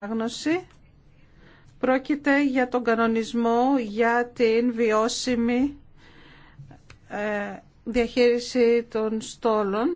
Άγνωση. Πρόκειται για τον κανονισμό για την βιώσιμη ε, διαχείριση των στόλων.